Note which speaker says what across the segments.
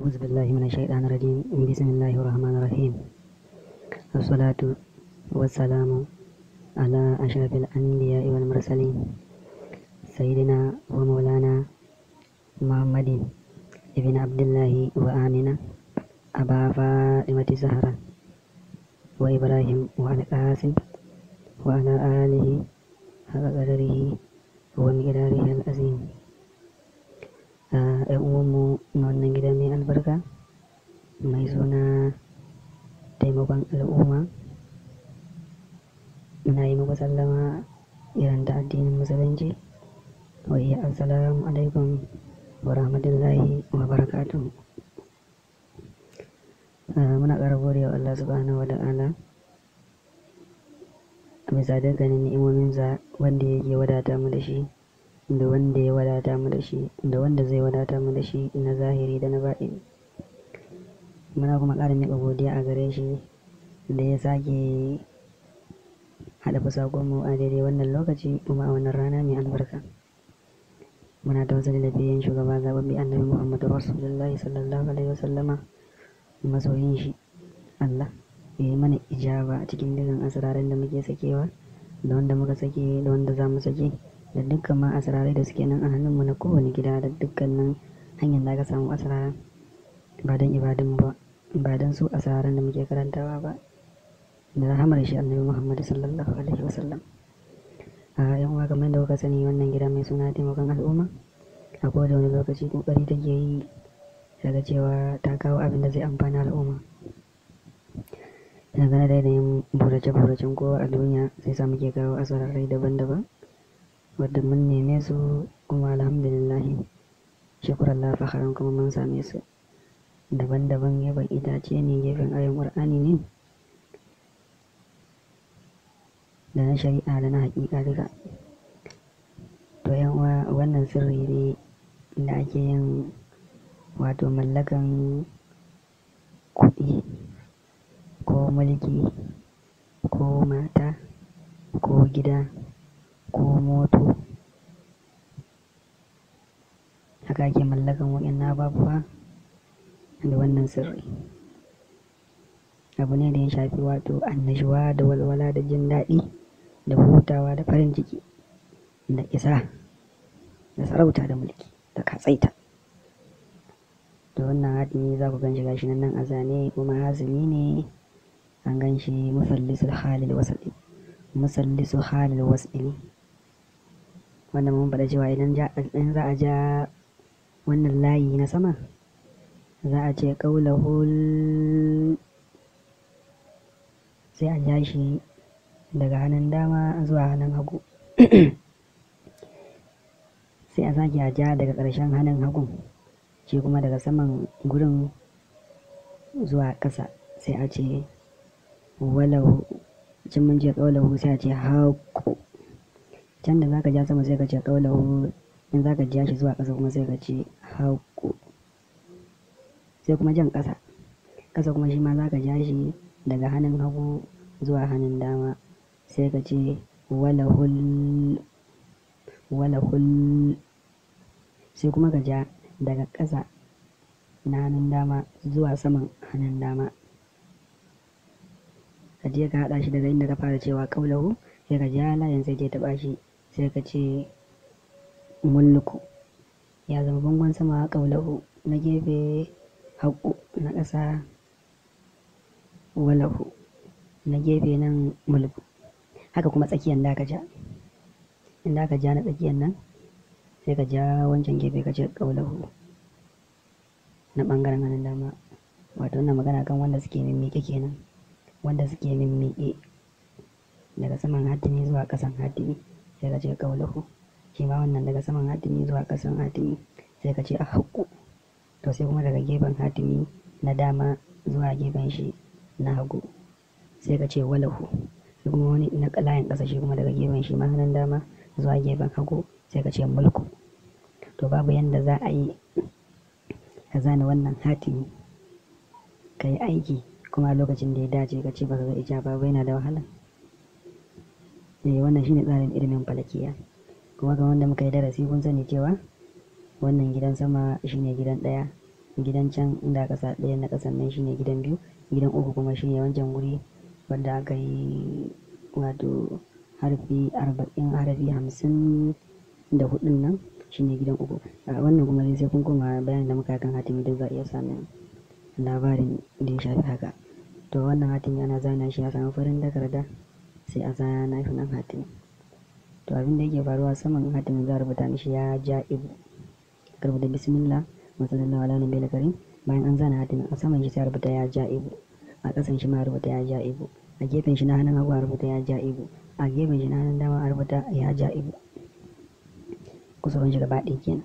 Speaker 1: أعوذ بالله من الشيطان الرجيم بسم الله الرحمن الرحيم الصلاة والسلام على أشرف الأنبياء والمرسلين سيدنا ومولانا محمد ابن عبد الله وآمنة أبا فاطمة زهرة وإبراهيم وعلى القاسم وعلى آله حق قدره ومقداره العظيم 'yan ah, uwanmu na wannan gida mai albarka mai suna taimakon al'umma Na yi muku sallama irin da addinin musulunci Wa iya assalamu alaikum wa rahmatullahi wa barakatuh ah, muna ƙara gode wa Allah subhanahu wa ta'ala bisa dukkanin za wanda yake wadata mu da shi da wanda ya wadata mu da shi da wanda zai wadata mu da shi na zahiri da na ba'i. muna kuma ƙara miƙa godiya a gare shi da ya sake haɗa mu a daidai wannan lokaci kuma a wannan rana mai albarka muna ta wasu biyan shugaba zaɓaɓɓe annabi muhammadu rasulullahi sallallahu alaihi wasallama masoyin shi allah ya yi mana ijaba a cikin dukkan asirarin da muke sakewa da wanda muka sake da wanda za mu sake da dukkan ma asirarai da suke nan a hannunmu na kowane gida da dukkanin hanyar da aka samu asiraran ba don ibadunmu ba ba don su asiraran da muke karantawa ba da rahamar shi annabi muhammadu sallallahu alaihi wasallam a yan uwa kamar da kuka sani wannan gida mai suna taimakon al'umma a kowane wani lokaci kokari take yi daga cewa ta kawo abin da zai amfana al'umma dangane da yanayin burace-buracen kowa a duniya sai sa muke kawo asirarai daban-daban wadda mun neme su kuma alhamdulillahi shukran la fakaran kuma mun same su daban-daban gefen itace ne gefen ayin qur'ani ne da na shari'a da na haƙiƙa duka to uwa wannan sirri ne da ake yin wato mallakan kuɗi ko mulki ko mata ko gida ko moto haka ake mallakan waɗannan ababuwa da wannan sirri abu ne da ya shafi wato annashuwa da walwala da jin daɗi da hutawa da farin ciki da isa da sarauta da mulki da katsaita da wannan hatimi za ku ganshi gashi nan a zane kuma hasili ne an ganshi musallisul halil wasali musallisul halil wasali wanda mun faɗa cewa idan za a ja wannan layi na sama za a ce ƙaulahul sai a ja shi daga hannun dama zuwa hannun hagu sai a sake a ja daga ƙarshen hannun hagun shi kuma daga saman gurin zuwa ƙasa sai a ce walau cin mun ce ƙaulahu sai a ce haƙo can da zaka ja sama sai ka ce kaulahu in zaka ja shi zuwa ƙasa kuma sai ka ce haƙu sai kuma jan ƙasa ƙasa kuma shi ma zaka ja shi daga hannun hagu zuwa hannun dama sai ka ce walahul walahul sai kuma ka ja daga ƙasa na hannun dama zuwa saman hannun dama ka je ka haɗa shi daga inda ka fara cewa kaulahu sai ka ja layin sai je taɓa shi sai ka ce mulluku ya zama bangon sama ƙaulahu na gefe haƙu na ƙasa walahu na gefe nan mulku haka kuma tsakiyar da ka ja in da ka ja na tsakiyar nan sai ka ja wancan gefe ka ce ƙaulahu na ɓangaren hannun dama wato na magana kan wanda suke mimmiƙe kenan wanda suke mimmiƙe daga saman hadini zuwa ƙasan hadini. sai ka ce ƙaulahu shi ma wannan daga saman hatimi zuwa ƙasan hatimi sai ka ce a haƙu to sai kuma daga gefen hatimi na dama zuwa gefen shi na hagu sai ka ce walahu sai kuma wani na layin ƙasa shi kuma daga gefen shi ma hannun dama zuwa gefen hagu sai ka ce mulku to babu yanda za a yi ka zane wannan hatimi ka yi aiki kuma lokacin da ya dace ka ce ba ka ga ijaba ba yana da wahala eh wannan shine tsarin ilimin falakiya kuma ga wanda muka yi darasi kun sani cewa wannan gidan sama shine gidan ɗaya gidan can inda aka sa ɗaya na ƙasan nan shine gidan biyu gidan uku kuma shine wancan guri wanda aka yi wato harfi arba'in harafi hamsin da hudun nan shine gidan uku a wannan kuma sai kun koma bayanin da muka kan hatimi duk za a iya samun labarin da ya shafi haka to wannan hatimi ana zana shi a samun farin takarda sai a zana nafin an hatimi to abin da yake faruwa saman hatimin za a rubuta mishi ya ja ibu rubuta bismillah masallallahu ala nabiyil karim bayan an zana hatimin a saman shi sai a rubuta ya ja ibu a ƙasan shi ma rubuta ya ja ibu a gefen shi na hannun hagu a rubuta ya ja ibu a gefen shi na hannun dama a rubuta ya ja ibu kusurin shi gaba ɗaya kenan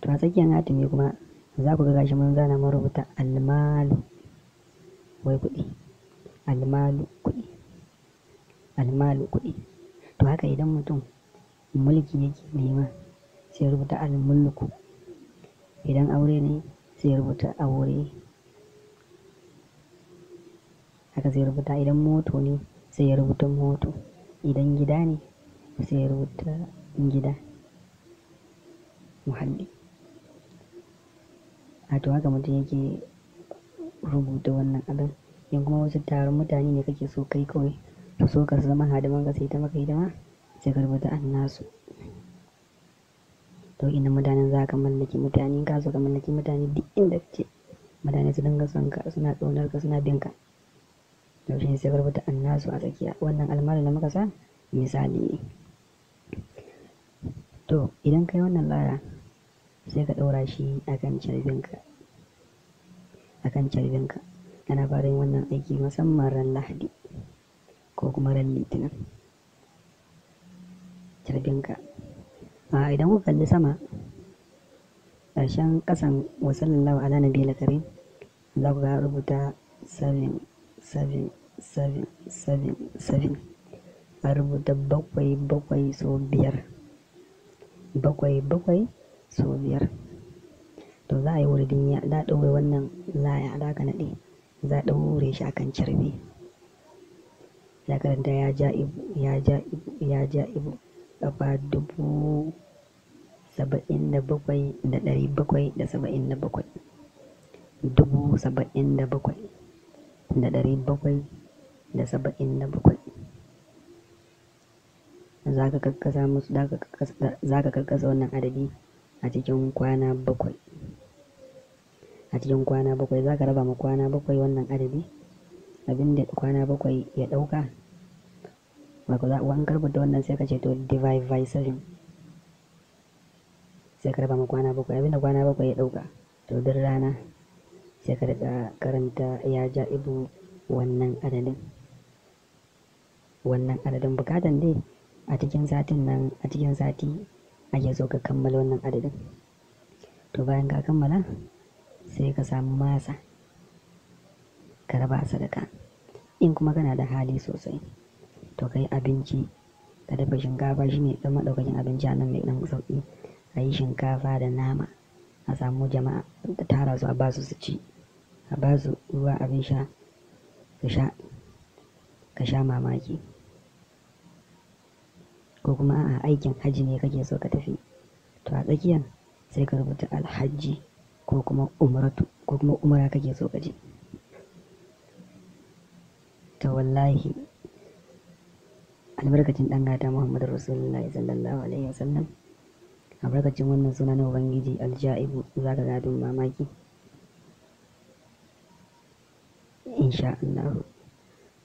Speaker 1: to a tsakiyar hatimi kuma za ku ga gashi mun zana mun rubuta almalu wai kuɗi almalu almalu kuɗi to haka idan mutum mulki yake nema sai rubuta almulku idan aure ne sai rubuta aure haka sai rubuta idan moto ne sai ya rubuta moto idan gida ne sai ya rubuta gida muhalli a to haka mutum yake rubuta wannan abin in kuma wasu taron mutane ne kake so kai kawai ka so ka zama hadiman ka sai ta maka hidima sai ka rubuta an nasu to ina mutanen za ka mallaki mutane ka so ka mallaki mutane duk inda kake mutane su dinga son ka suna tsaunar ka suna bin ka to shi sai ka rubuta an nasu a tsakiya wannan almarin da muka sa misali ne to idan kai wannan laya, sai ka ɗaura shi akan ka akan ka. kana fara yin wannan aiki musamman ran lahadi kuma ran litinin carbinka a idan kuka kalli sama ƙarshen ƙasan a ala nabi lakarin za ku ga rubuta 7777 a rubuta bakwai bakwai so biyar bakwai bakwai so biyar to za a yi dinya ya da ɗaure wannan laya da aka naɗe za a ɗaure shi akan carbi ya karanta ya ja ibu ya ja ibu ya ja ibu ƙafa dubu saba'in da bakwai da ɗari bakwai da saba'in da bakwai dubu saba'in da bakwai da ɗari bakwai da saba'in da bakwai karkasa musu za ka karkasa wannan adadi a cikin kwana bakwai a cikin kwana bakwai za ka raba ma kwana bakwai wannan adadi abin da kwana bakwai ya ɗauka ku za'a wankar karbuta wannan sai ka ce to divisation sai ka raba ma kwana bakwai abin da kwana bakwai ya ɗauka to duk rana sai ka rika karanta ya ja ibu wannan adadin wannan adadin bukatan dai a cikin satin nan a cikin sati ake so ka kammala wannan adadin to bayan ka kammala sai ka samu masa ka raba sadaka in kuma kana da hali sosai to kai abinci ka dafa shinkafa shi ne dan maɗaukakin abinci a nan mai dan sauki a yi shinkafa da nama a samu jama'a da tara su a ba su ci a ba ruwa abin sha su sha ka sha mamaki ko kuma a aikin hajji ne kake so ka tafi to a tsakiyar sai ka rubuta alhaji ko kuma umratu ko kuma umra kake so ka je ta wallahi albarkacin dan gata muhammadu rasulullahi sallallahu alaihi wasallam albarkacin wannan suna na ubangiji aljaibu za ka gadon mamaki insha Allah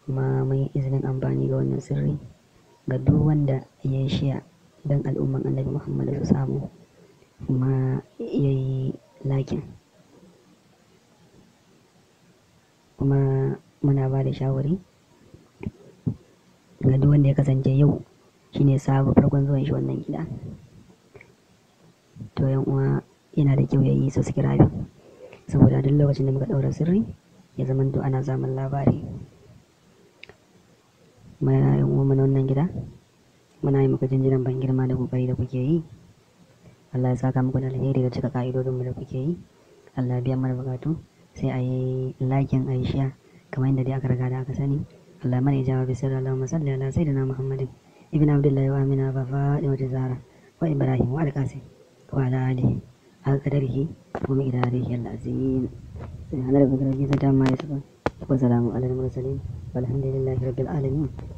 Speaker 1: kuma mai izinin amfani ga wannan sirri ga duk wanda ya yi shiya don al'umman annabi muhammadu su samu ma ya yi lakin kuma muna ba da shawari ga duk wanda ya kasance yau shine sabu farkon zuwan shi wannan gida to yan uwa yana da kyau ya yi subscribe saboda duk lokacin da muka daura sirri ya zama to ana samun labari mana yan uwa mana wannan gida muna yi muka jinjinan ban girma da kokari da kuke yi Allah ya saka muku da alheri da cika ka'idodin mu da kuke yi Allah ya biya mana bukatu sai a yi lakin a kamar yadda dai aka riga da aka sani Allah mana ijaba bi sirri Allahumma salli ala sayyidina Muhammadin ibn Abdullah wa Amina ba Fatima Zahra wa Ibrahim wa Al-Qasim wa ala alihi al kadarihi wa min idarihi al-azim sai subhana rabbika rabbil da mai yasifun wa salamu ala al-mursalin والحمد لله رب